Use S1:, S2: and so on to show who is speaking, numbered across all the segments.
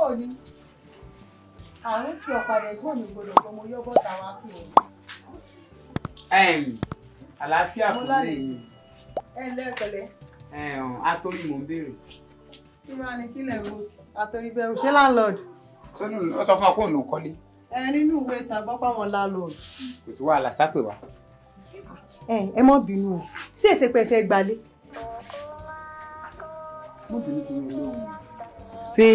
S1: bò ni àárín fi ọ̀padà ẹ̀gbọ́n mi gbọdọ̀ pé mo yọ́ bọ́ta wá fún ọ. àlàáfíà kò lè mi. ẹ ǹlẹ́ pẹ̀lẹ́. atorí mò ń béèrè. kí máa ní kílẹ̀ o atorí bẹ́ẹ̀ o ṣé landlord. sọ́nù ó sọ fún wa pé òun ò kọ́lé. ẹ nínú ìwé tàgbọ́ fáwọn landlord. kò sí wàhálà sápè wa. ẹ mọ́ bínú o sí èsè pé ẹ fẹ́ gbalé. mọ́ bínú ti wọlé òun. ṣé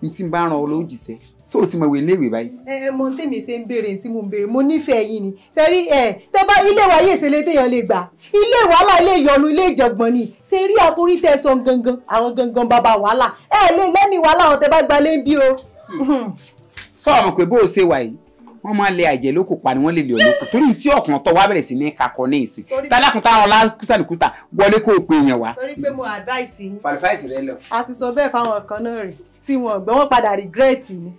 S1: n tí n bá ràn ọ ló jìṣẹ́ so sì mọ ìwé iléèwé báyìí. ẹ mọ tèmi ṣe ń béèrè tí mo ń béèrè mo nífẹ̀ẹ́ yín ni sẹ́rí ẹ tẹ́ bá ilé wa yé ìṣẹ̀lẹ̀ téèyàn lè gbà ilé wàhálà ilé ìyọnu ilé ìjọ̀gbọ̀n ni ṣe rí àforí tẹ́ sọ gangan àwọn gangan bàbá wàhálà ẹ lè lẹ́mìí wàhálà àwọn tẹ́ bá bí o. sọ hmm. àmọ̀ pé bó o ṣe wà yìí wọ́n máa lé àjẹ́ lóko pa ni wọ́n lè lè olóko torí tí ọ̀kan tọ́ wá bẹ̀rẹ̀ sí ní kakọ ní ìsìn tálákùntà ọlá kùsàlùkùtà wọlé kó o pe èèyàn wá. torí pé mo advice yín. fàlífàìsì rẹ lọ. a ti sọ bẹ́ẹ̀ fáwọn kan náà rè tí wọn gbọ́ wọn padà regret ni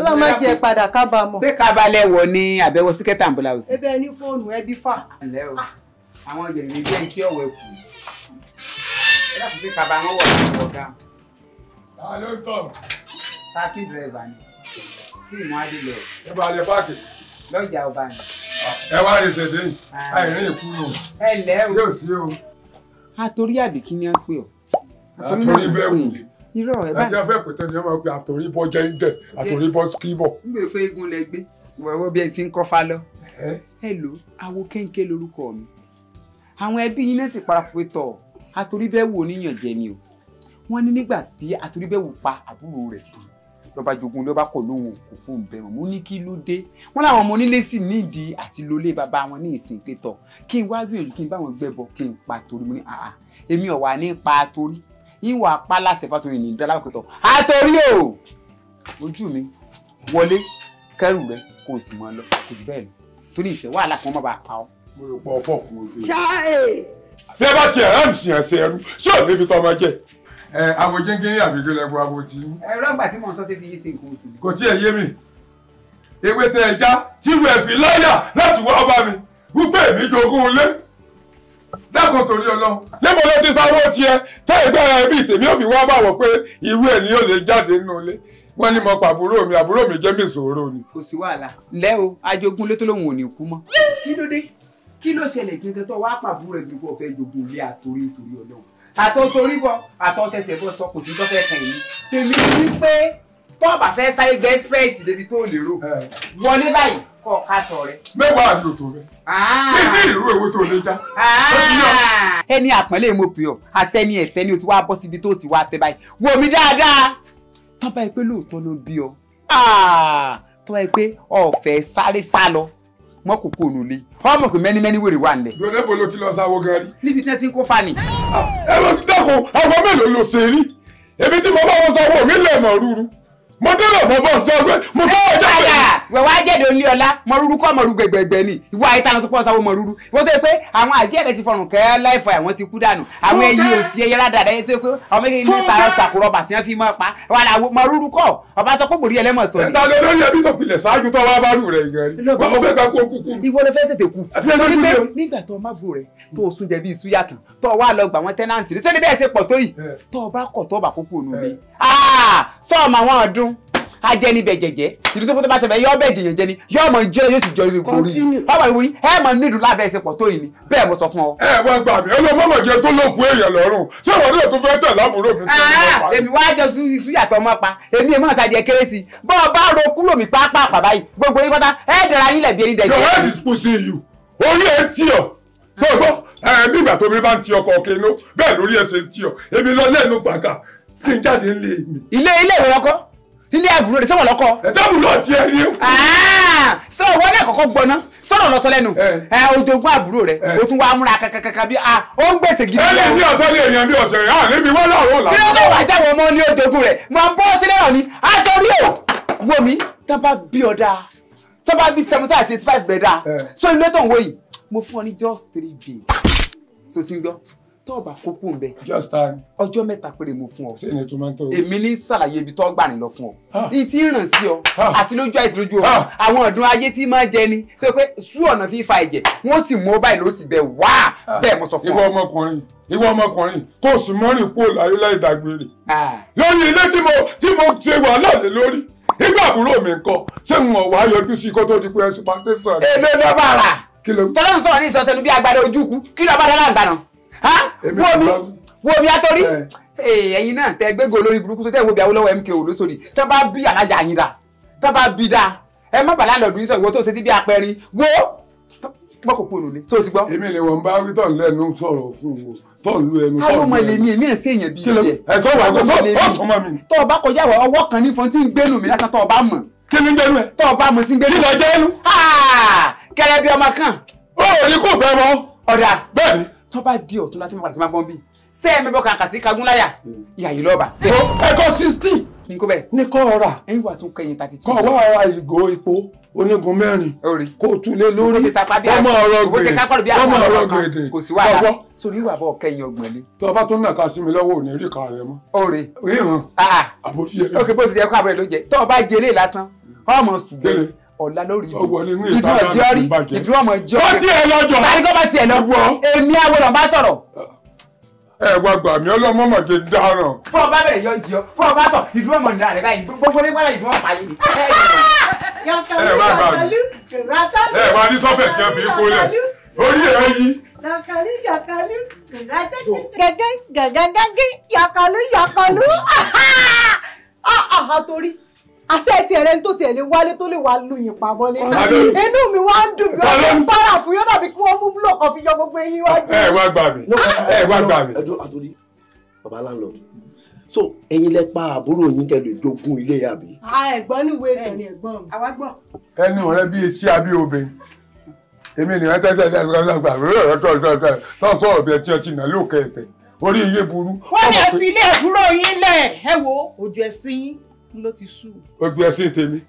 S1: ọlọ́mọ jẹ padà kábàámọ̀. ṣé kábàálẹ̀ wọ ní àbẹ̀wò síkẹ́tà àǹbọ̀là òsì. ebe ní fóònù ẹbí fà. ǹlẹ́ o àwọn yẹ̀rì ní bíi tí ọ̀wẹ́ kù ẹ dàpọ̀ sí kábàámọ̀ wọ̀ ní ọ̀gá. ta ló tọ̀. taxi driver ni fíìmù adìlẹ̀. ẹ bá lè páàkì sí. lọ́jà ọba ni.
S2: ẹ wá lè ṣèdè yìí ah. àìrìn ìkú
S1: lò. ẹ lẹ́ o. yóò sí o. àtòrí àbìkí ni a ń pè ọ́. àtòrí bẹ́ẹ̀ wù mí irọ́ ẹ̀ báyìí. ẹ ti fẹ́ pètè ni wọ́n máa pe àtòríbọ̀ jẹ́ńdẹ̀ àtòríbọ̀ skibọ̀. n bèrè pé igun lẹ gbé wọ́wọ́ bí ẹ ti ń kọ́fà lọ. ẹ lò awo kéńké lórúkọ mi àwọn ẹbí yín náà sì parapọ̀ tọ̀ àtòríbẹ̀wò oníyànjẹ ni o wọ́n ní nígbà tí àtòríbẹ̀wò pa àbúrò rẹ̀ ló bá jogún ló bá kò lóhùn kò fóun bẹ̀ wọ́n mo ní kí ló dé wọ́n láwọn ọmọ onílé sì nídìí àti lólé bàbá wọn ní ìsìn pétọ̀ kí n wá gbìyànjú kí n bá wọn gbẹ́bọ kí n pa torí mo ní àhà èmi ọ̀wà ní pa torí ìwà pálásẹ̀ fàtòyìn ní ìdálá pẹ̀tọ̀ àtòrí o ojú mi wọlé kẹrù rẹ kó o sì mọ lọ kò jù bẹ́ẹ̀ lọ torí ìfẹ́ wàhálà kan má bàa pa ọ́. mo rò pọ̀ fọ́ fún ojú. ṣáà ẹ̀. Eh! bí ẹ bá tiẹ̀ rán
S2: ìsìn ẹ̀sìn ẹrú ṣé ò ẹ abo jẹ́ńkẹ́rẹ́ àbíkí lẹ́gbọ́ abo tí.
S1: ẹ̀rọ àgbà tí mò ń sọ sí ti yí sí nǹkan oṣù.
S2: kò tí ẹ yé mi ewé tẹ ẹ já tí ìwé ẹ fi láyà láti wá ọba mi wípé èmi jogún lé dákun torí ọlọ́run. níbo ló ti sáré tiẹ tẹ ìgbára ẹbí tèmi ò fi wá bá wọ pé ìwé ẹ ni yóò lè jáde nínú ilé
S1: wọ́n ní mo pa àbúrò mi àbúrò mi jẹ́ mi sòro ni. kò sí wàhálà lẹ́ o ajogun lé tó lóun ò ní kú mọ́. kí ló dé kí ló ṣẹlẹ̀ gangan tó wàá pàbúrò ẹ̀ dùgbò ọ̀fẹ́ jogun ilé àtòrí nítorí ọlọ́run àtọ́ torí bọ̀ àtọ́ tẹsẹ̀ bọ̀ sọ kò sí tó fẹ́ kàn yìí tèmi ní pé tó bá fẹ́ sáré gbé express débi tó lérò wọlé báyìí kọ́ ká sọ rẹ. mẹ́wàá ló tó rẹ títí ah. ìrú ewé tó lè já. Ah. ẹni àpọ́nlé mo pè ọ́ àṣẹ́ni ẹ̀tẹ́ ni o ti wá bọ́ síbi tó ti wá tẹ báyìí wò mí dáadáa tó bá yẹ pé lóòótọ́ ló ń bí ọ ah. tó bá pé ọ̀fẹ́ sáré sá lọ wọn kò kó onú lé ọmọ pé mẹ́ni mẹ́ni wèrè wà ń lẹ̀. jọ̀dẹ́ bo ló ti lọ sáwọ́ gari. níbi tí wọ́n ti ń kó fani. Ah, ẹ lọ dákun àwọn mélòó ló ṣe rí
S2: èmi tí mo bá wọn sanwó mi lẹ̀ mọ̀
S1: rúru mo dé lọ bọ̀ sọ pé mo bá ọjà
S2: rẹ̀ wẹ̀wá jẹ̀dọ̀
S1: ní ọlá mọ̀rúurú kọ́ mọ̀rú gbẹ̀gbẹ̀gbẹ̀ ni ìwọ àyíká lọ sọpọ́ sáwọ́ mọ̀rúurú wọ́n tó yẹ pé àwọn àjẹ́ rẹ̀ ti fọrùn kẹ́ láìfọ̀ àwọn ti kú dànù àwọn ẹyí òsì ẹyẹ ládàá ẹyẹ tó yẹ pé ọmọ kékeré ní tààrà tàkùrọ̀bà tí wọ́n fi mọ́ pa wàhálà mọ̀rúurú kọ́ ọba sọ pé bòrí ẹlẹ́mọ̀ sọ ni. ẹ̀ta ló lórí ẹbí tó pilẹ̀ ṣáájú tó wá bá rù rẹ̀ yẹn rí wọ́n mo fẹ́ gba kó o sún jẹbi ìsúyà kan tó o wá lọ gbà wọn tẹ́náǹtì ní sẹ́ni bẹ́ẹ̀ ṣe pọ̀ tó yìí tó ká jẹ́ níbẹ̀ jẹ̀jẹ́ ìdí tó fún tó bá tẹ̀bẹ̀ yọ ọbẹ̀ jẹ̀yẹ̀ jẹ ni yọ ọmọ ìjẹ́ yóò sì jọ irú ìkórí ọmọ ìwé ẹ mọ nídùú lábẹ́ ìsepọ̀ tó yìí ni bẹ́ẹ̀ mo sọ fún ọ. ẹ wá gbà mí ẹ lọ mọ́mọ̀ jẹ tó lókun èèyàn lọ́rùn ṣé ìwọ náà tó fẹ́ tẹ̀ lámúrò mi. Ah, ah, èmi wá jọ iṣu yàtọ̀ ọmọ pa èmi èmi ọ̀sà díẹ̀ kérésì bọ́ ọ bá ro kúrò mí pápá àpàbáyì gbogbo yín pátá ẹ dẹ̀ra yín lẹ̀bi ẹni dẹ̀jẹ̀. your
S2: is pushing you orí ẹ ti ọ
S1: sọgbọ ẹ nígbà tó mi bá ń ti ọkọ kinú
S2: bẹ́ẹ̀ lórí ẹsẹ ti ọ èmi lọ lẹ́nu gbàgà kí n jáde nílé mi. ilé ilé ìwé wọn kọ́
S1: ilé àbúrò rẹ ah! sọ̀rọ̀ lọ́kọ.
S2: sábùrò ọtí ẹ ní.
S1: sọ wọn náà kọ́kọ́ gbọná sọ̀rọ̀ lọsọ lẹ́nu ojoogun àbúrò rẹ o tún wàá múra kankankan bí a ah, ó ń gbèsè gidi. ẹlẹ́ mi ọ̀sẹ̀ ni èèyàn mi ọ̀sẹ̀ rẹ̀ àná ah, mi wọ́n láwọn làwọn. kí ló dé wàá jáwọ́ ọmọ ní ojoogun rẹ̀ mo ń bọ́ sílẹ̀ rọ̀ ni àtọ́rí ò wo mi tán bá bí ọ̀dà tán bá bí seventy àti eighty five rẹ̀ dáa so ilé tó ń wọ yìí mo fún ọ ní just three days so sí gbọ́ tó bá kókó ń bẹ. just time. ọjọ́ mẹ́ta péré mo fún ọ. sẹ́yìn tó máa ń tọ́. èmi ní sàlàyé ibi tó gbà ní lọ fún ọ. ní ti ràn sí ọ àti lójú àìsàn lójú ọ àwọn ọ̀dùn ayé tí máa jẹ ni ṣe pé sú ọ̀nà fífa ẹ̀jẹ̀ wọ́n sì mú ọ báyìí ló sì bẹ wá bẹ́ẹ̀ mo sọ fún ọ. ìwọ ọmọkùnrin ìwọ ọmọkùnrin kó o sì mọ́rìn kúrò láyé láì dágbére. lórí ilé tí mo tí mo ṣe wàhálà
S2: lé lórí nígbà àbúrò mi ńkọ́ ṣé n ò wá yọjú sí kó tó di pé ẹ ṣùpá tẹsán. èmi ló bá rà
S1: tọ́lọ́sọ̀rọ̀ ní ìsọ̀sẹ̀ lu bí agbada ojúkú kí ló bá dáná àgbà náà wọ́n mi wọ́n mi àtọ́rí eh, ẹ̀yin náà tẹ gbégo lórí burúkú sọ tẹ́ bí Awólọ́wọ̀ MKO lóṣòdì tẹ́ bá bí alájà yín dà tẹ́ bá bí dà ẹ má bàa láńlọ́ọ̀dù yín sọ ìwọ tó ṣe ti bí apẹrin wo gbọ́ kò pònú ni tó ti gbọ́. èmi ni wọn bá wí tọ̀ lẹ́nu sọ̀rọ̀ fún un tọ̀ lu ẹnu tọ̀ lu ẹnu. àwọn ọmọ èmi èmi ẹ̀ sí èèyàn bíi tiẹ̀. ẹ̀sọ́ wà gbọ́ tọ́ sọmọ mi. tọ́ ọba kọjá wọ ọwọ́ kan ní fún tí ń gbénu mi lásán tọ́ ọba mọ̀. kí ni gbénu ẹ. tọ́ ọba mọ̀ tí ń gbénu. kí lọ jẹ́ ẹnu. kẹrẹ bí ọmọ kan. ó rí kò bẹ́ẹ̀ mọ́. ọ̀dà. bẹ́ẹ̀ tó bá di ọ̀tún láti padà sí máa bọ́n bí ṣé ẹ mẹ́bọ̀ kàkà sí kagúnláyà mm. ìyá yìí lọ́ba. ẹ̀kọ́ sixteen ní kó bẹ́ẹ̀. ní kọ́ ọ̀rà ẹ̀yìn wà tún kẹyìn tàti tún. kọ́ wá ara ìgò epo onígun mẹ́rin kó tulé lórí ọmọ ọ̀rọ̀ gbèdè ọmọ ọ̀rọ̀ gbèdè kò sí wàhálà sórí ìwà bọ̀ kẹyìn ọgbọ̀n ni. tó o bá tún nàka sí mi lọ́wọ́ ò ní rí kan rẹ mọ́. ọ̀rẹ́ ìhàn àbójú yẹn. ok bó ti yẹ kó àbọ̀ ẹ̀ ló jẹ tó o bá jẹ eléyìí lásán mm. ọmọ sùgbẹ́
S2: ọ̀la lórí ibo ìdúró ọjọ́ rí ìdúró ọmọ ìjọ rí. ó tiẹ̀ lọ́jọ́ tani kó bá tiẹ̀ lọ èmi àwòrán bá sọ̀rọ̀. ẹ wá gbà mí ọlọ́mọ mọ̀ kí n dáràn.
S1: bọ́ ọ bá bẹ̀rẹ̀ yọ jí ọ bọ́ ọ bá tọ̀ ìdúró ọmọ ìlànà rẹ báyìí gbogbo ní wàhálà ìdúró ọ̀pá yìí. ẹ wá gbà mí
S2: ẹ wá ní sọ́fẹ̀ tí ẹ
S1: fi kó lẹ̀ orí ẹ yí.
S2: yàkàlú yàkàlú gàgán
S1: gàgán gàgán yàkàlú yàkàlú ọ̀hún torí àṣẹ ti ẹ̀rẹ́ ní tó ti ẹ̀lẹ́ wálé tó lè wá lu yìí pamọ́ nínú inú mi wá ń dùn bí wọ́n ti ń para fún yóò dàbí kí wọ́n mú búlọ̀kù kan fi yọ gbogbo eyín wá gbé. ẹ wá gbà mí ẹ wá gbà mí. ẹjọ àtúrí baba landlord so ẹ̀yin lẹ pa àbúrò yín tẹ lè jogún ilé
S2: yà mí. a ẹ̀gbọ́n ní ìwé ìtàn ni ẹ̀gbọ́n mi àwa gbọ́. ẹnu rẹ bí etí abí obìnrin èmi nìyẹn tẹ́tẹ́ tẹ́tẹ́ tẹ́tẹ́ tẹ́tẹ́ tọ́ orí iye burú.
S1: wọ́n ní ẹ fi ilé ẹ̀kúrò yín lẹ̀ ẹ wo ojú ẹ sí yín ló ti sú.
S2: ojú ẹsìn tèmi.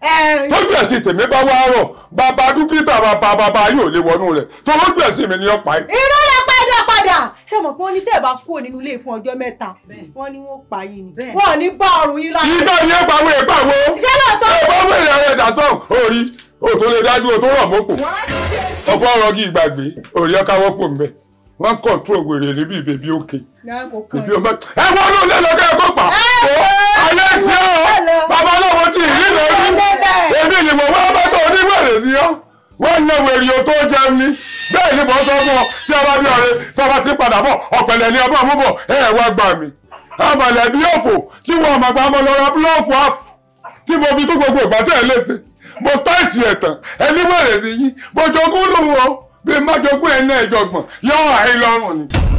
S2: tójú ẹsìn tèmi bá wá rọ bàbá dókítà bàbá bàbá yóò lè wọnú rẹ tó lójú ẹsìn mi ni ọ̀pá yìí.
S1: irú lọ padà padà ṣé mo pé wọ́n ní tẹ́ ẹ̀ bá kúrò nínú ilé fún ọjọ́ mẹ́ta wọ́n ní wọ́n pa yìí ni wọ́n ní bá ọrùn yìí lára. ìgbà yẹn pàwọ́ ẹ̀ pàwọ́. ṣé lóòótọ́. ẹ bá wẹ̀rẹ̀
S2: rẹ̀ dàtọ̀ orí o tó lè dájú o tó rọ̀ mọ́kò. ọ̀fọ̀ ọ̀rọ̀ kì í gbàgbé orí ọ̀ká wọ́pọ̀ mbẹ́ wọ́n kọ̀ọ̀tún òwèrè níbi ìbèbí òkè ìbí ọmọ ẹ wọ́n ló lẹ́nu ọ̀gá ẹ̀kọ́ pa. ẹ ayé tí ó bàbá náà mo ti rí lórí èmi ni mo máa bá tó oníbẹ̀rẹ̀ sí ọ́ wọ́n lé wèrè o tó jẹun ni bẹ́ẹ̀ ni mo sọ fún ọ tí a bá bí ọ̀rẹ́ tí a bá ti padà bọ̀ ọ̀pẹ̀lẹ̀ ni ọba àmúbọ̀ ẹ wá gbà mí àmàlẹ̀ bí òfò tí wọn àmàgbà ọmọ lọ ra búlọ́ọ̀kù àfù tí mo fi tó gbogbo ìgbàsẹ̀ lẹ́sẹ̀ mo táìsì ẹ̀tàn ẹni wẹ̀rẹ̀ nìyí mo jogún lòun o bí má jogún ẹ̀ náà ẹ̀jọ̀gbọ̀n yọ àìlọrùn ni.